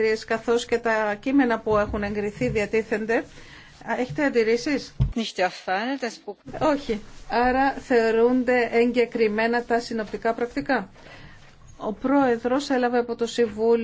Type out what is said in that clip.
συνεδρίες καθώς και τα κείμενα που έχουν εγκριθεί διατίθενται. Έχετε αντιρρήσεις? Όχι. Άρα θεωρούνται εγκεκριμένα τα συνοπτικά πρακτικά. Ο Πρόεδρος έλαβε από το Συμβούλιο